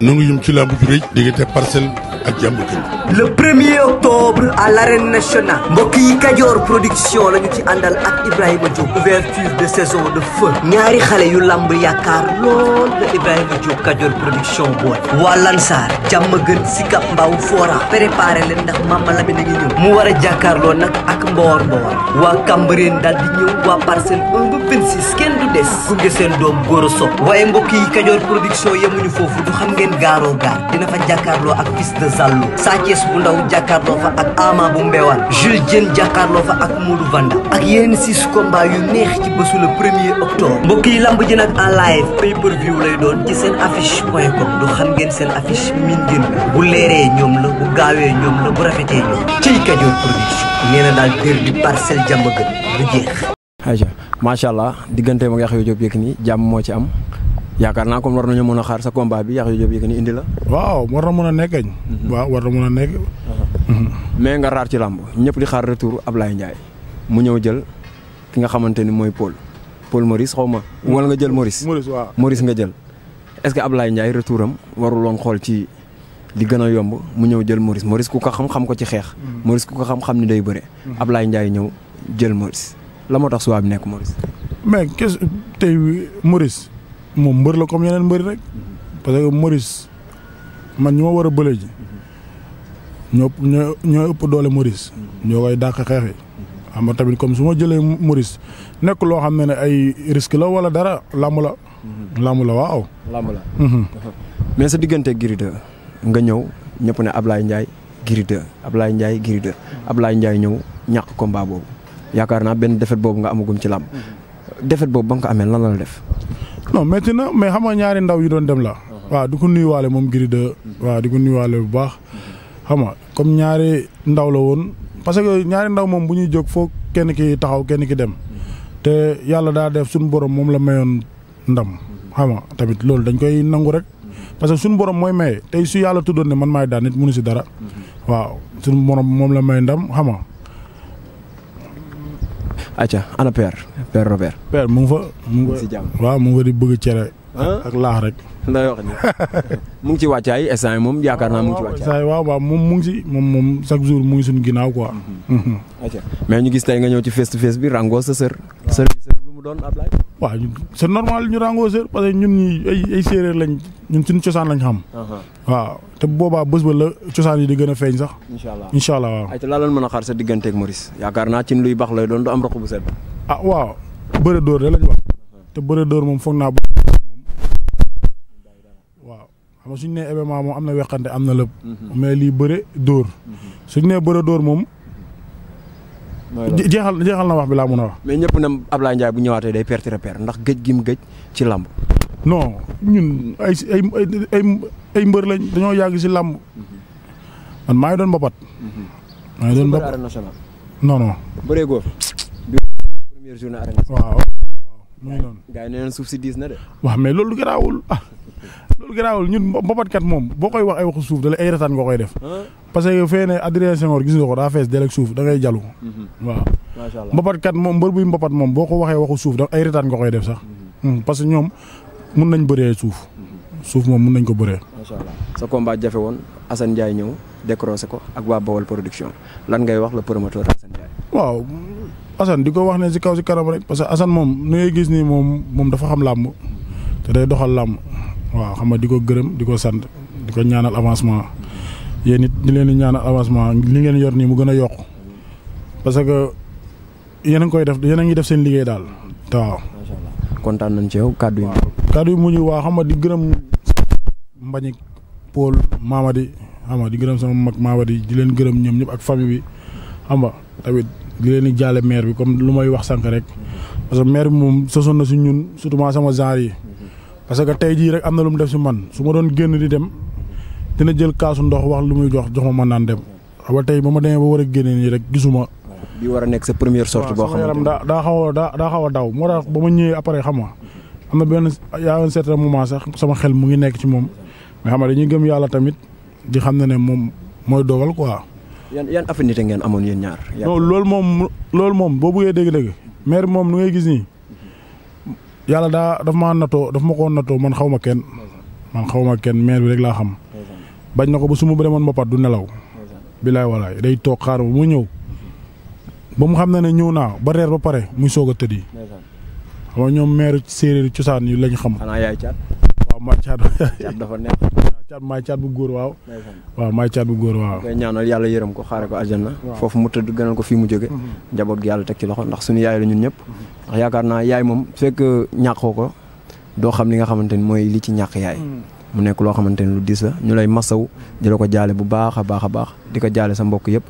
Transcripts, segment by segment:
nu ngi jëm ci làmb ju rëy diggante parcelle ak jàmm gën. premier octobre à l'arène nationale. mbokk yi Kajoor production la ñu ci àndal ak Ibrahima Diop. ouverture de saison de feu. ñaari xale yu lamb yaakaar lool la Ibrahima Diop Kajoor production boole. waa Lansar. jàmm gën Sika Mbaw Fora. préparé leen ndax Mama Lamine a ngi ñëw. mu war a jàkkaarloo nag ak Mboor Mboor. waa Cambérène daal di ñëw waa parcelle 1 ba 26 kenn du des. gunge seen doom góor a sopp. waaye mbokk yi Kajoor production yemuñu foofu du xam ngeen gaaroo gaar dina Sàllu Sathies bu ndaw jàkkaarloo fa ak Ama bu Mbewaan Jules Diène fa ak Modou Vanda ak yeneen six combats yu neex ci bésu premier octobre mbokk yi ji nag en live pay per lay doon ci seen affiche point du xam ngeen seen affiche min bu leeree ñoom la bu gaawee ñoom la bu rafetee ñoom ciy Kajoor production nee na daal dër di parcelle jàmm gën bu jeex. macha allah diggante ma nga xew Jóob Yékini jàmm moo ci am. yaakaar naa comme war nañu mën a xaar sa combat bi Yaxya Jóob Yékini indi la. waaw war na mën a nekkañ. Mhm. waaw war na mën a nekk. Uh-huh. Mhm. mais nga raar ci làmb ñëpp di xaar retour Ablaye Ndiaye mu ñëw jël ki nga xamante ni mooy Paul Paul Maurice xaw ma. Mm-hmm. wala nga jël Maurice. Maurice waaw Maurice nga jël. est-ce que Ablaye Ndiaye retour am waruloon xool ci li gën a yomb mu ñëw jël Maurice Maurice ku ko xam xam ko ci xeex. Mm-hmm. Maurice ku ko xam xam ni day bëre. Mm-hmm. Ablaye Ndiaye ñëw jël Maurice la moo tax suwaa nekk Maurice. mais qu'est-ce tey Maurice. moom mbër la comme yeneen mbëri rek parce que Maurice man ñu ma war a bële ji ñoo ñoo ëpp doole Maurice ñoo koy dàq xeex yi xam nga tamit comme su ma jëlee morise nekk loo xam ne ne ay risque la wala dara làmb la. làmb la waaw. làmb la. Mhm. mais sa diggante Gris nga ñëw ñëpp ne Ablaye Ndiaye Gris ab Ablaye Ndiaye Gris ab Ablaye njaay ñëw ñàkk kombaa boobu yaakaar naa benn defet boobu nga amagum ci làmb. Mhm. défaite boobu ba nga ko amee lan la def. non métti na mais xama ñaari ndaw yi doon dem la uh-huh. waaw di ko nuyuwaale moom Gris 2 uh-huh. waaw di ko nuyuwaale bu baax uh-huh. xam nga comme ñaari ndaw la woon parce que ñaari ndaw moom bu ñuy jóg foog kenn ki taxaw kenn ki dem te yàlla daa def suñu borom moom la mayoon ndam xam tamit loolu dañ koy nangu rek parce que suñu borom mooy maye tey su yàlla tuddoon ne man maay daan nit mënu si dara waaw suñu borom moom la may ndam xam acca ana père père Robert. père mu ngi fa mu ngi si jàmm waaw mu ngi fa di bëgg cere. Ah? ak laax rek. ndax wax ni mu ngi ci wàccaay instant moom yaakaar naa mu ngi ci wàccaay. waaw waaw moom mu ngi moom moom chaque jour mu ngi suñu ginnaaw quoi. Mm-hmm. mais ñu gis tey nga ñëw ci face to face bi rango sa sër. sër mu doon waaw c'est normal ñu rangoo séer parce que ñun ñi ay ay séeréer lañ ñun suñu cosaan lañ xam. Uh-huh. waaw te boobaa bés ba la cosaan yi di gën a feeñ sax. incha allah incha allah waaw. ay te laa leen mën a xaar sa digganteeg Maurice yaakaar naa ci luy baax lay doon du am roq bu set. ah waaw bëre dóor de lañ wax te bëre dóor moom foog naa bëri waaw xam nga suñu nee événement moom am na weqante am na la mm-hmm. mais lii bëre dóor mm-hmm. suñu nee bëre dóor moom. jeexal jeexal na wax bi laa mën a wax. mais ñëpp nam Ablaye Ndiaye bu ñëwaatee day perte repère ndax gëj gi mu gëj ci làmb. non ñun ay ay ay mbër lañ dañoo yàgg si làmb man maa ngi doon mbapat. maa ngi doon mbapat arène nationale. non non. bëree góor. bi première journée arène waaw waaw. si diis na de. waaw mais loolu garaawul ah. loolu garaawul ñun mbabatkat moom boo koy wax ay waxu suuf dala ay retaan nga koy def. Ah. parce que fee ne Adrien Senghor gis nga ko daa fees delek suuf da mm-hmm. waaw macha moom mbër buy moom boo ko waxee waxu suuf da retaan nga koy def sax. Mm-hmm. Mm, parce que ñoom mun nañ bëree suuf. Mm-hmm. suuf moom mun nañ ko bëree. macha allah sa combat jafe woon Assane Ndiaye ñëw décroché ko ak waa Bawol production lan ngay wax le promoteur Assane Ndiaye. waaw Assane di ko wax ne si kaw si kanam rek parce que Assane moom ni ngay gis nii moom moom dafa xam làmb te day doxal làmb. waaw xam nga di ko gërëm di ko sant di ko ñaanal avancement yéen it di leen di ñaanal avancement li ngeen yor nii mu gën a yokk parce que yéen a ngi koy def yéen a ngi def seen liggéey daal waaw. macha kontaan nañ ci yow kàddu yi. kàddu yi mu ñu waa xam nga di gërëm Mbagnick Paul Mamadi xam nga di gërëm sama mag Mamadi di leen gërëm ñoom ñëpp ak famille bi xam nga tamit di leen di jaale maire bi comme lu may wax sànq rek parce que maire bi moom sosoon na si ñun surtout sama genre yi. parce que tey jii rek am na lu mu def si man su ma doon génn di dem dina jël kaasu ndox wax lu muy jox jox ma man naan dem xam nga tey ba ma demee ba war a génne nii rek gisuma. war a nekk sa première sortie boo xamante ne daa xaw a daa xaw a daw moo tax ba ma ñëwee après xam nga am na benn yaa un moment sax sama xel mu ngi nekk ci moom mais xam nga dañuy gëm yàlla tamit di xam ne ne moom mooy dogal quoi. yan yan affinité ngeen amoon yéen ñaar. non loolu moom loolu moom boo buggee dégg-dégg maire moom nu ngay gis nii. yàlla daa daf ma natoo daf ma ko natoo man xaw ma kenn man xaw ma kenn maire bi rek laa xam bañ na ko ba su ma demoon du nelaw bilaay walaay day toog xaar ba mu ñëw ba mu xam ne ne ñëw naa ba reer ba pare muy soog a tëdd tëddi xam ñoom maire séeréer cosaan yi lañ xam. xanaa yaay caat. waaw maay caat. caat dafa neex. caat maay caat bu góor waaw. waaw maay caat bu góor waaw. koy ñaanal yàlla yërëm ko xaare ko aljanna. foofu mu tëdd gënal ko fii mu jóge mhm. njaboot yàlla teg ci loxo ndax suñu yaay la ñun ñëpp. yaakaar naa yaay moom fekk ñàqoo ko doo xam li nga xamante ni mooy li ci ñàq yaay. Hmm. mu nekk loo xamante ni lu diis la ñu lay masaw di la ko jaale bu baax a baax a baax di ko jaale sa mbokk yëpp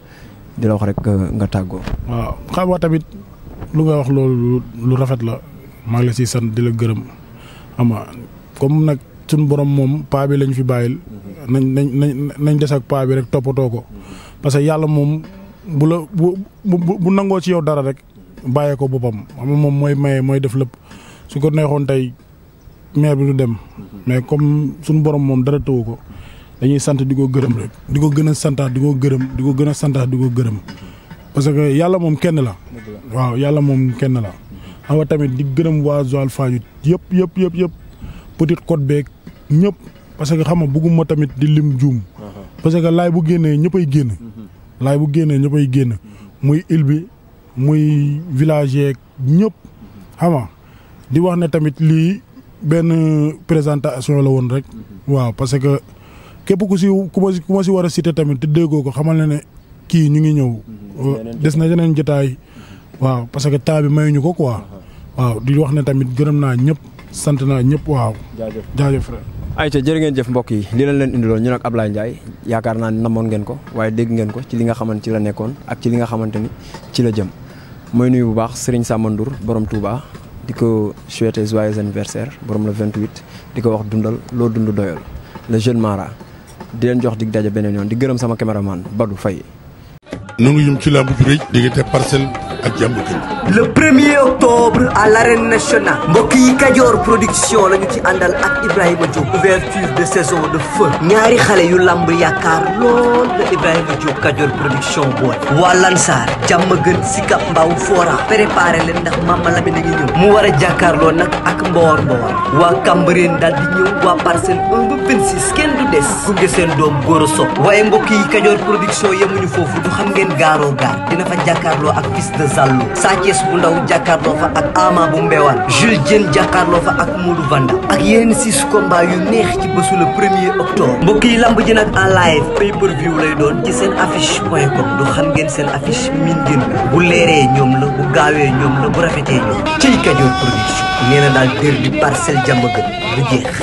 di la wax rek euh, nga tàggoo. waaw xam nga tamit lu nga wax loolu lu rafet la maa ngi la ciy sant di la gërëm xam nga comme nag suñu borom moom paa bi lañ fi bàyyil. nañ nañ nañ nañ des ak paa bi rek toppatoo ko parce que yàlla moom bu la bu bu bu nangoo ci yow dara rek. bàyyee ko boppam xam nga moom mooy maye mooy def lépp su ko neexoon tey maire bi du dem mais comme suñu borom moom dara tëwu ko dañuy sant di ko gërëm di ko gën a santaat di ko gërëm di ko gën a santaat di ko gërëm parce que yàlla moom kenn la waaw yàlla moom kenn la xam nga tamit di gërëm waa Joal Fadiouth yëpp yëpp yëpp yëpp Petite Côte beeg ñëpp parce que xam nga bugguma tamit di lim juum uh-huh. parce que laay bu génnee ñëppay génn mm-hmm. laay bu génnee ñëppay génn muy île bi muy village yeeg ñëpp xam di wax ne tamit lii benn présentation la woon rek. waaw parce que képp ku si ku ma si ku ma si war a citer tamit te déggoo ko xamal na ne kii ñu ngi ñëw. Euh, des na yeneen jotaay. waaw parce que temps bi mayuñu ko quoi. waaw di wax ne tamit gërëm naa ñëpp sant naa ñëpp waaw. jaajëf jaajëf frère. ayca jërë ngeen jëf mbokk yi lii lañ leen indiloon ñun ak Ablaye Ndiaye yaakaar naa ne namoon ngeen ko waaye dégg ngeen ko ci li nga xamante ci la nekkoon ak ci li nga xamante ni ci la jëm. mooy nuyu bu baax Serigne Samba Ndour borom di ko souhaiter joyeux anniversaire borom la 28 di ko wax dundal loo dund doyal le jeune Mara di leen jox dig daje beneen yoon di gërëm sama caméraman Badou Faye. nu ngi yëm ci làmb ju rëy diggante parcelle. ak jàmm premier octobre à l'arène nationale mbokk yi Kajoor production la ñu ci àndal ak Ibrahima Diop ouverture de saison de feu ñaari xale yu lamb yaakaar lool la Ibrahima Diop Kajoor production boole waa Lansar jàmm gën Sikap Mbao Fora préparé leen ndax Mama Lamine a ngi ñëw mu war a jàkkaarloo nag ak mboor Mbowar waa Cambérène daal di ñëw waa parcelle 1 ba 26 kenn du des gunge seen doom góor a sopp waaye mbokk yi Kajoor production yemuñu foofu xam ngeen gaaroo gaar dina fa jàkkaarloo Zallo Sa Thiès bu ndaw jàkkaarloo fa ak Ama bu Mbewaan Jules Diène jàkkaarloo fa ak Modou Vanda ak yenn six combats yu neex ci bésu premier octobre mbokk yi ji nag en live pay per lay doon ci seen affiche point com du xam ngeen seen affiche min ngeen bu leeree ñoom la bu gaawee ñoom la bu rafetee ñoom cëy Kajoor Production nee na daal dër bi parcelle jàmm gën bu jeex